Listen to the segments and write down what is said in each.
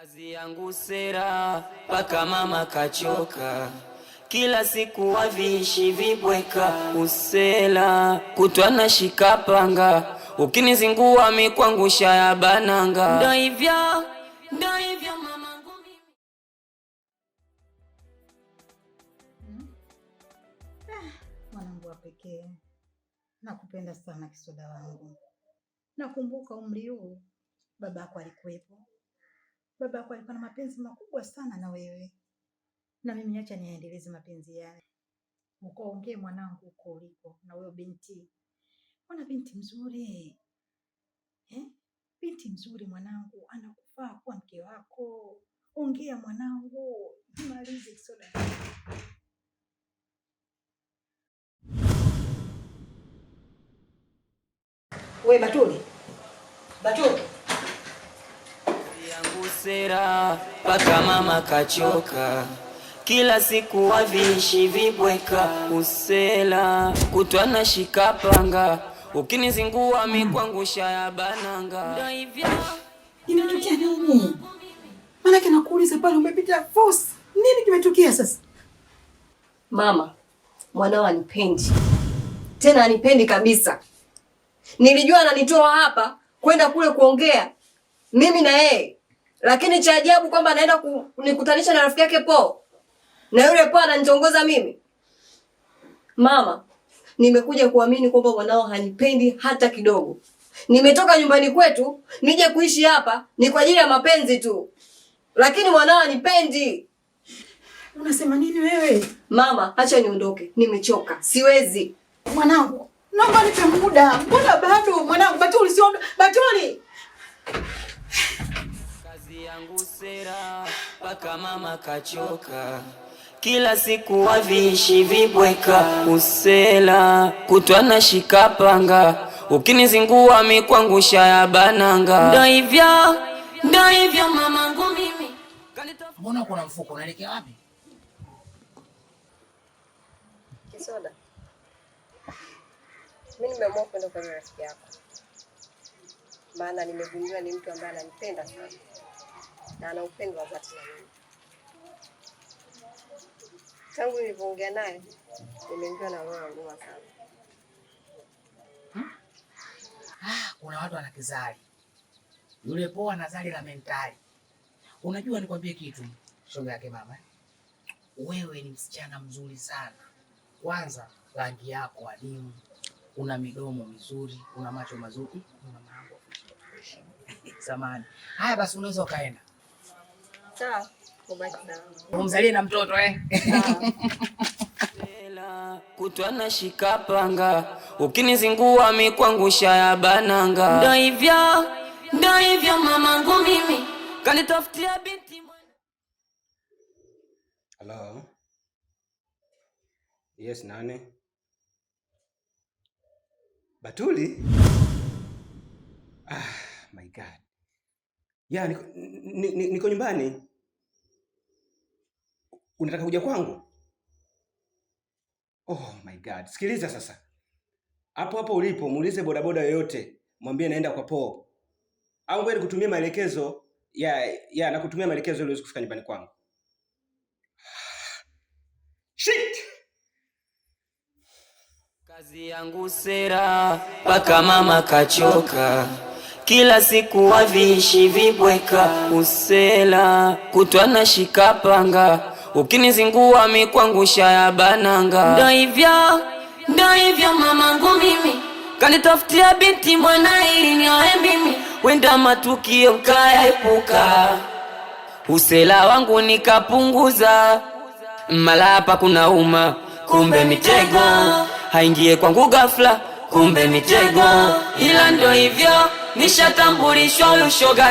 Kazi yangu sera mpaka mama kachoka, kila siku waviishi vibweka usela kutwa na shikapanga, ukinizingua mikwangusha ya bananga. Ndo hivyo ndo hivyo mamangu mimi hmm? ah, mwanangu wa pekee, nakupenda sana kisoda wangu. Nakumbuka umri huu baba yako alikuwepo baba yako alikuwa na mapenzi makubwa sana na wewe, na mimi acha niendeleze mapenzi yale. Ukaongee mwanangu huko uliko na wewe binti, mwana binti mzuri eh? Binti mzuri mwanangu, anakufaa kuwa mke wako. Ongea mwanangu, malize soda. We Batuli, Batuli sera mpaka mama kachoka, kila siku waviishi vibweka usela kutwa na shikapanga, ukinizingua mikwangusha ya bananga. Ndio hivyo nini? manake nakuuliza pale, umepita force nini? Kimetokea sasa? Mama, mwanao anipendi tena, anipendi kabisa. Nilijua ananitoa hapa kwenda kule kuongea mimi na yeye lakini cha ajabu kwamba anaenda kunikutanisha na rafiki yake Po, na yule Po ananitongoza mimi. Mama, nimekuja kuamini kwamba mwanao hanipendi hata kidogo. Nimetoka nyumbani kwetu nije kuishi hapa ni kwa ajili ya mapenzi tu, lakini mwanao hanipendi. Unasema nini wewe? Mama, acha niondoke, nimechoka, siwezi. Mwanangu, naomba nipe muda. Mbona bado mwanangu? Batuli, siondoke. Batuli yangu sera paka mama kachoka, kila siku waviishi vibweka usela kutwa na shikapanga, ukinizingua mikwangusha ya bananga. Ndo hivyo ndo hivyo mamangu mimi. Mbona kuna mfuko unaelekea wapi? Kisoda, mimi nimeamua kwenda kwa rafiki yako, maana nimegundua ni mtu ambaye ananipenda sana na ana upendo wa dhati na mimi. Tangu nilipoongea naye nimeingiwa na roho ya huruma sana. Hmm? Ah, kuna watu wana kizali, yule poa na zali la mentali. Unajua, nikwambie kitu shoga yake mama, wewe ni msichana mzuri sana. Kwanza rangi yako adimu, una midomo mizuri, una macho mazuri, una mambo samani. Haya basi, unaweza ukaenda sawa, ubaki sawa, umzalie na mtoto eh. Kutwa na shika ukinizingua mikwangusha ya bananga. Ndo hivyo ndo hivyo, mamangu mimi kanitafutia binti. Hello. Yes, nani? Batuli? Ah, my God. Yeah, niko, niko nyumbani unataka kuja kwangu? Oh my God. Sikiliza sasa, hapo hapo ulipo muulize bodaboda yoyote, mwambie naenda kwa Paul au wewe nikutumie maelekezo ya ya nakutumia maelekezo ili uweze kufika nyumbani kwangu. Shit. Kazi yangu sera mpaka mama kachoka, kila siku waviishi vibweka usela na shikapanga ukinizingua mikuangusha ya bananga. Ndo hivyo ndo hivyo mamangu, mimi kanitafutia binti mwana ili nioe mimi, wenda matukio nkayaepuka, usela wangu nikapunguza, mala hapa kuna uma, kumbe mitego haingie kwangu ghafla, kumbe mitego. Ila ndo hivyo nishatambulishwa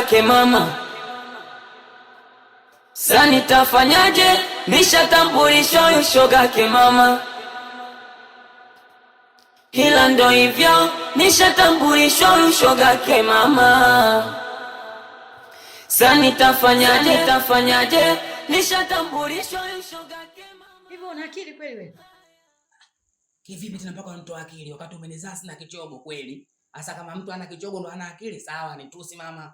ke mama, sa nitafanyaje? nishatambulishwa ushogake mama, hila ndo hivyo, nishatambulishwa ushogake mama, sani tafanyaje, tafanyaje, nishatambulishwa ushogake mama. Hivyo una akili kweli wewe? Kivipi tena mpaka unatoa akili wakati umenizaa sina kichogo kweli? Asa kama mtu ana kichogo ndo ana akili sawa, tusi mama.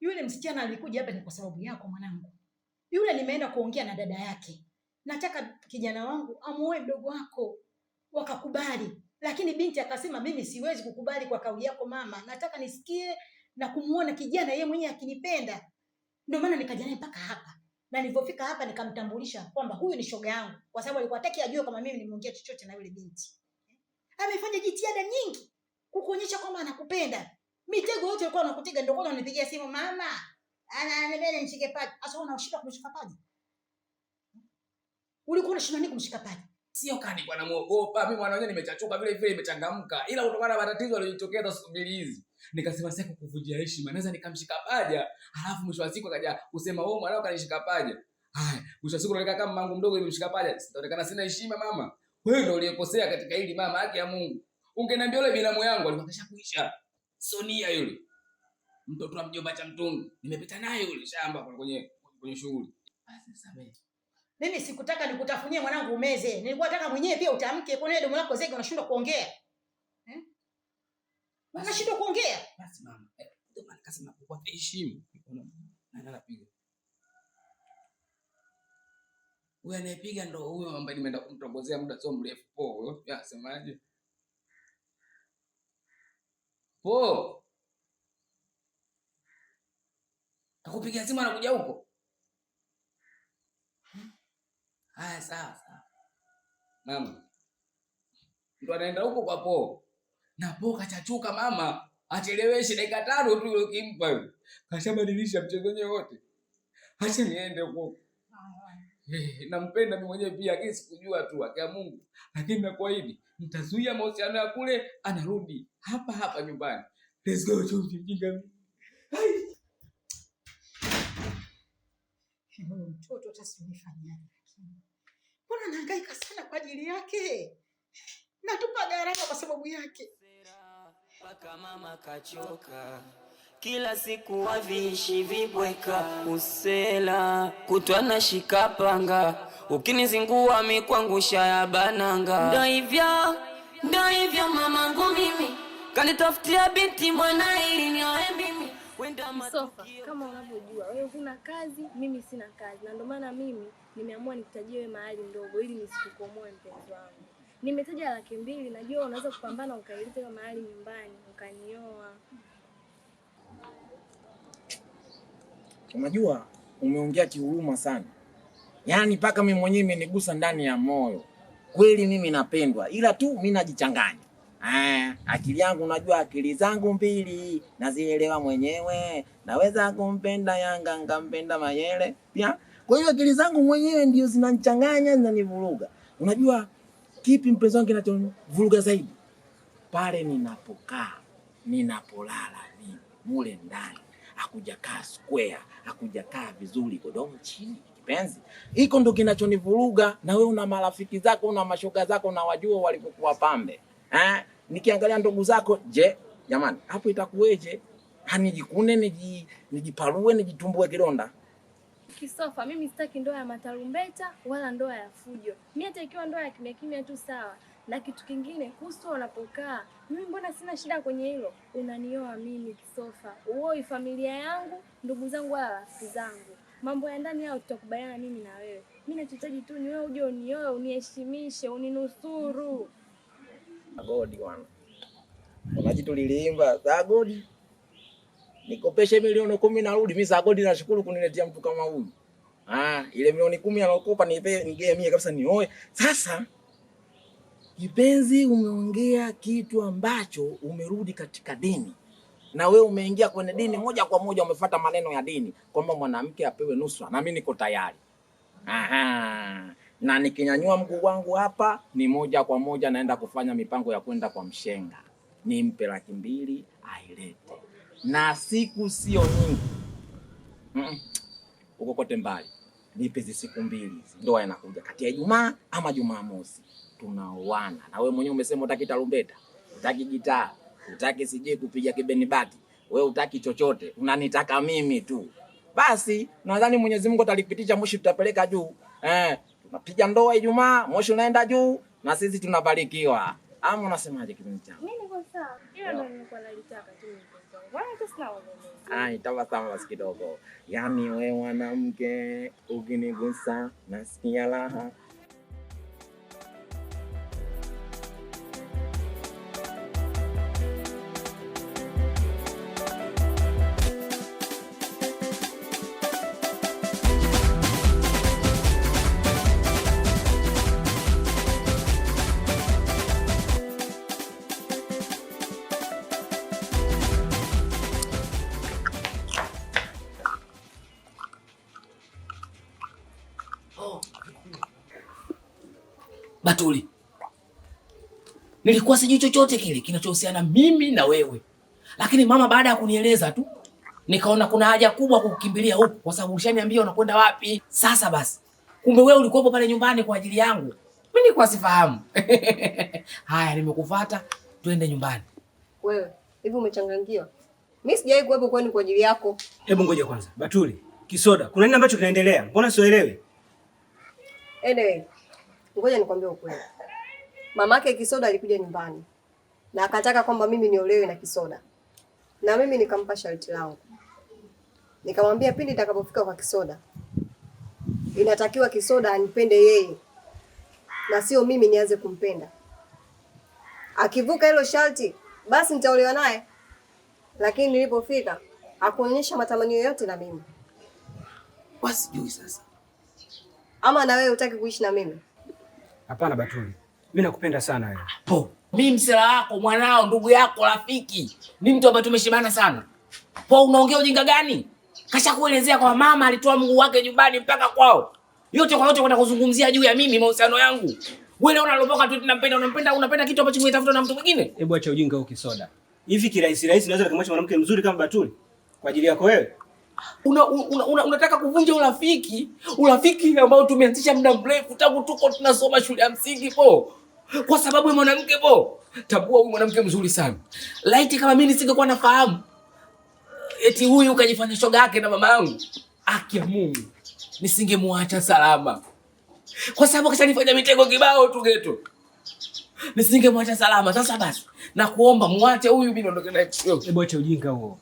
Yule msichana alikuja hapa ni kwa sababu yako mwanangu. Yule nimeenda kuongea na dada yake, nataka kijana wangu amuoe mdogo wako, wakakubali. Lakini binti akasema, mimi siwezi kukubali kwa kauli yako mama, nataka nisikie na kumuona kijana yeye mwenyewe akinipenda. Ndio maana nikaja naye mpaka hapa, na nilipofika hapa nikamtambulisha kwamba huyu ni shoga yangu, kwa sababu alikuwa hataki ajue kama mimi nimeongea chochote na yule binti. Amefanya jitihada nyingi kukuonyesha kwamba anakupenda. Mitego yote alikuwa anakutega, ndio kwanza anipigia simu mama anabele nishike paji. Sasa unashindwa kumshika paji. Ulikuwa unashindwa nini kumshika paji? Sio kani bwana muogopa. Mimi mwanawe nimechachuka vile vile imechangamka. Ila kutokana na matatizo yaliyotokea siku mbili hizi. Nikasema sasa kukuvunjia heshima. Naweza nikamshika paja. Alafu mwisho wa siku akaja kusema wewe oh, mwanao kanishika paja. Haya, mwisho wa siku unaonekana kama mangu mdogo nimemshika paja. Sitaonekana sina heshima mama. Wewe ndio uliyekosea katika hili mama, haki ya Mungu. Ungeniambia yule binamu yangu alikuwa kashakuisha. Sonia yule mtoto wa mjomba cha mtungi, nimepita naye yule shamba kwenye kwenye shughuli. Basi ah, samehe. Mimi sikutaka nikutafunie mwanangu umeze. Nilikuwa nataka mwenyewe pia utamke. Kwa nini domo lako zege unashindwa kuongea? Eh? Unashindwa kuongea? Basi mama. Eh, ndio maana nikasema kwa heshima. Na nana piga. Wewe anayepiga ndo huyo ambaye nimeenda kumtongozea muda sio mrefu. Po huyo. Ya semaje? Po. Nakupigia simu anakuja huko. Haya, sawa sawa. Mama Ndio anaenda huko kwa Po na Po kachachuka mama, acheleweshe dakika tano tu ile uliokimpa yule, kashabadilisha mchezo wenyewe wote. Acha niende huko, eh, nampenda mimi mwenyewe pia, lakini sikujua tu akia Mungu, lakini nakuahidi nitazuia mahusiano ya kule, anarudi hapa hapa nyumbani. Let's go. Hai huyu mtoto hata sijui fanyaje, lakini mbona nahangaika sana kwa ajili yake, natupa gharama kwa sababu yake. Paka mama kachoka, kila siku waviishi vibweka, usela kutwa na shikapanga, ukinizingua mikwangusha ya bananga. Ndo hivyo ndo hivyo mamangu, mimi kanitafutia binti mwana ili nioe Msofa, kama unavyojua wewe huna kazi, mimi sina kazi, na ndio maana mimi nimeamua nikutajie wewe mahali ndogo, ili nisikukomoe mpenzi wangu. Nimetaja laki mbili, najua unaweza kupambana ukaileta hiyo mahali nyumbani ukanioa. Unajua umeongea kihuruma sana, yaani mpaka mimi mwenyewe imenigusa ndani ya moyo. Kweli mimi napendwa, ila tu mimi najichanganya Ah, akili yangu najua akili zangu mbili nazielewa mwenyewe, naweza kumpenda Yanga ngampenda Mayele pia. Kwa hiyo akili zangu mwenyewe ndio zinanichanganya zinanivuruga. Unajua kipi mpenzi wangu kinachonivuruga zaidi? Pale ninapokaa ninapolala, ni mule ndani, hakujakaa square, hakujakaa vizuri, godomo chini kipenzi iko ndo kinachonivuruga. Na wewe una marafiki zako, una mashoga zako, na wajua walivyokuwa pambe Eh, nikiangalia ndugu zako, je, jamani hapo itakuweje? Hanijikune niji nijiparue nijitumbue kidonda. Kisofa, mimi sitaki ndoa ya matarumbeta wala ndoa ya fujo. Mimi hata ikiwa ndoa ya kimya kimya tu sawa. Na kitu kingine kuhusu wanapokaa, mimi mbona sina shida kwenye hilo. Unanioa mimi Kisofa, uoi familia yangu, ndugu zangu wala rafiki zangu. Mambo ya ndani yao tutakubaliana mimi na wewe. Mimi nachohitaji tu ni wewe uje unioe, uniheshimishe, uninusuru. Mm -hmm. Agodi wana. Kuna kitu liliimba za Agodi. Nikopeshe milioni kumi narudi mimi za Agodi nashukuru kuniletea mtu kama huyu. Ah, ile milioni kumi anaokopa nipe nigee mie kabisa nioe. Sasa kipenzi, umeongea kitu ambacho umerudi katika dini na we umeingia kwenye dini moja kwa moja, umefuata maneno ya dini kwamba mwanamke apewe nuswa na mimi niko tayari. Aha na nikinyanyua mguu wangu hapa, ni moja kwa moja naenda kufanya mipango ya kwenda kwa mshenga, nimpe laki mbili ailete, na siku sio nyingi huko mm, kote mbali, nipe hizi siku mbili, ndoa inakuja kati ya Ijumaa ama Jumamosi, tunaoana. Na wewe mwenyewe umesema utaki tarumbeta, utaki gitaa, utaki sijui kupiga kibenibati, wewe utaki chochote, unanitaka mimi tu. Basi nadhani Mwenyezi Mungu atalipitisha mwisho, tutapeleka juu eh tunapiga ndoa Ijumaa, moshi unaenda juu na sisi tunabarikiwa. Ama unasemaje kipindi changu? Mimi niko sawa. tu. kidogo. Yaani wewe mwanamke ukinigusa nasikia raha. Batuli, nilikuwa sijui chochote kile kinachohusiana mimi na wewe, lakini mama baada ya kunieleza tu nikaona kuna haja kubwa kukukimbilia huku, kwa sababu ushaniambia unakwenda wapi. Sasa basi, kumbe wewe ulikuwepo pale nyumbani kwa ajili yangu, mimi nilikuwa sifahamu. Haya, nimekufuata, twende nyumbani. Wewe hivi umechangangiwa? Mimi sijawahi kuwepo kwani kwa ajili yako. Hebu ngoja kwanza, Batuli Kisoda, kuna nini ambacho kinaendelea? Mbona sioelewi? Anyway, Ngoja nikwambie ukweli, mamake Kisoda alikuja nyumbani na akataka kwamba mimi niolewe na Kisoda, na mimi nikampa sharti langu, nikamwambia pindi nitakapofika kwa Kisoda inatakiwa Kisoda anipende yeye na sio mimi nianze kumpenda. Akivuka hilo sharti, basi nitaolewa naye. Lakini nilipofika hakuonyesha matamanio yote na mimi wasijui. Sasa ama na wewe utaki kuishi na mimi? Hapana Batuli, mimi nakupenda sana wewe. Po, mimi msela wako, mwanao, ndugu yako, rafiki, ni mtu ambaye tumeshimana sana. Po, unaongea ujinga gani? Kasha kuelezea kwa mama alitoa Mungu wake nyumbani mpaka kwao. Yote kwa yote kwenda kuzungumzia juu ya mimi mahusiano yangu. Wewe leo unaloboka tu tunampenda, unampenda, unapenda kitu ambacho kimetafuta na mtu mwingine. Hebu acha ujinga huo kisoda. Hivi kirahisi rahisi naweza kumwacha mwanamke mzuri kama Batuli kwa ajili yako wewe? unataka una, una, una kuvunja urafiki urafiki ambao tumeanzisha muda mrefu tangu tuko tunasoma shule ya msingi po, kwa sababu ya mwanamke po. Tabua huyu mwanamke mzuri sana. Laiti kama mimi nisingekuwa nafahamu eti huyu ukajifanya shoga yake na mama yangu, aki ya Mungu nisingemwacha salama, kwa sababu kashanifanya mitego kibao tu geto, nisingemwacha salama. Sasa basi, nakuomba muache huyu, mimi naondoka naye. Hebu acha ujinga huo.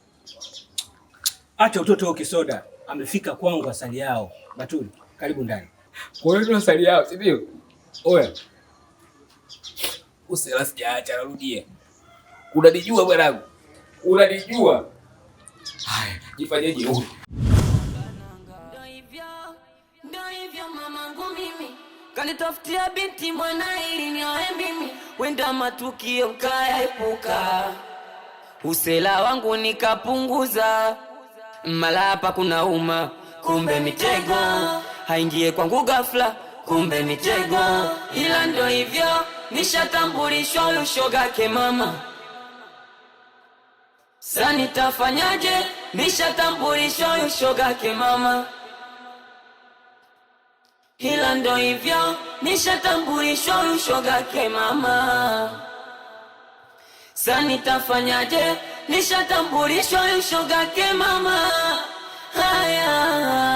Acha utoto wake soda. Amefika kwangu asali yao. Batuli, karibu ndani. Kwa hiyo asali yao, si ndio? Oya. Usela sijaacha narudia. Unanijua bwanangu. Unanijua. Haya, jifanyeje huyu? Kanitafutia binti mwana ili nioe mimi, wenda matukio kaepuka usela wangu nikapunguza malapa kuna uma, kumbe mitego haingie kwangu ghafla, kumbe mitego. Ila ndo hivyo nishatambulishwa ushogake mama, sanitafanyaje nitafanyaje? Nishatambulishwa ushogake mama, ila ndo hivyo nishatambulishwa ushogake mama, sanitafanyaje nishatambulishwa ushoga ke mama haya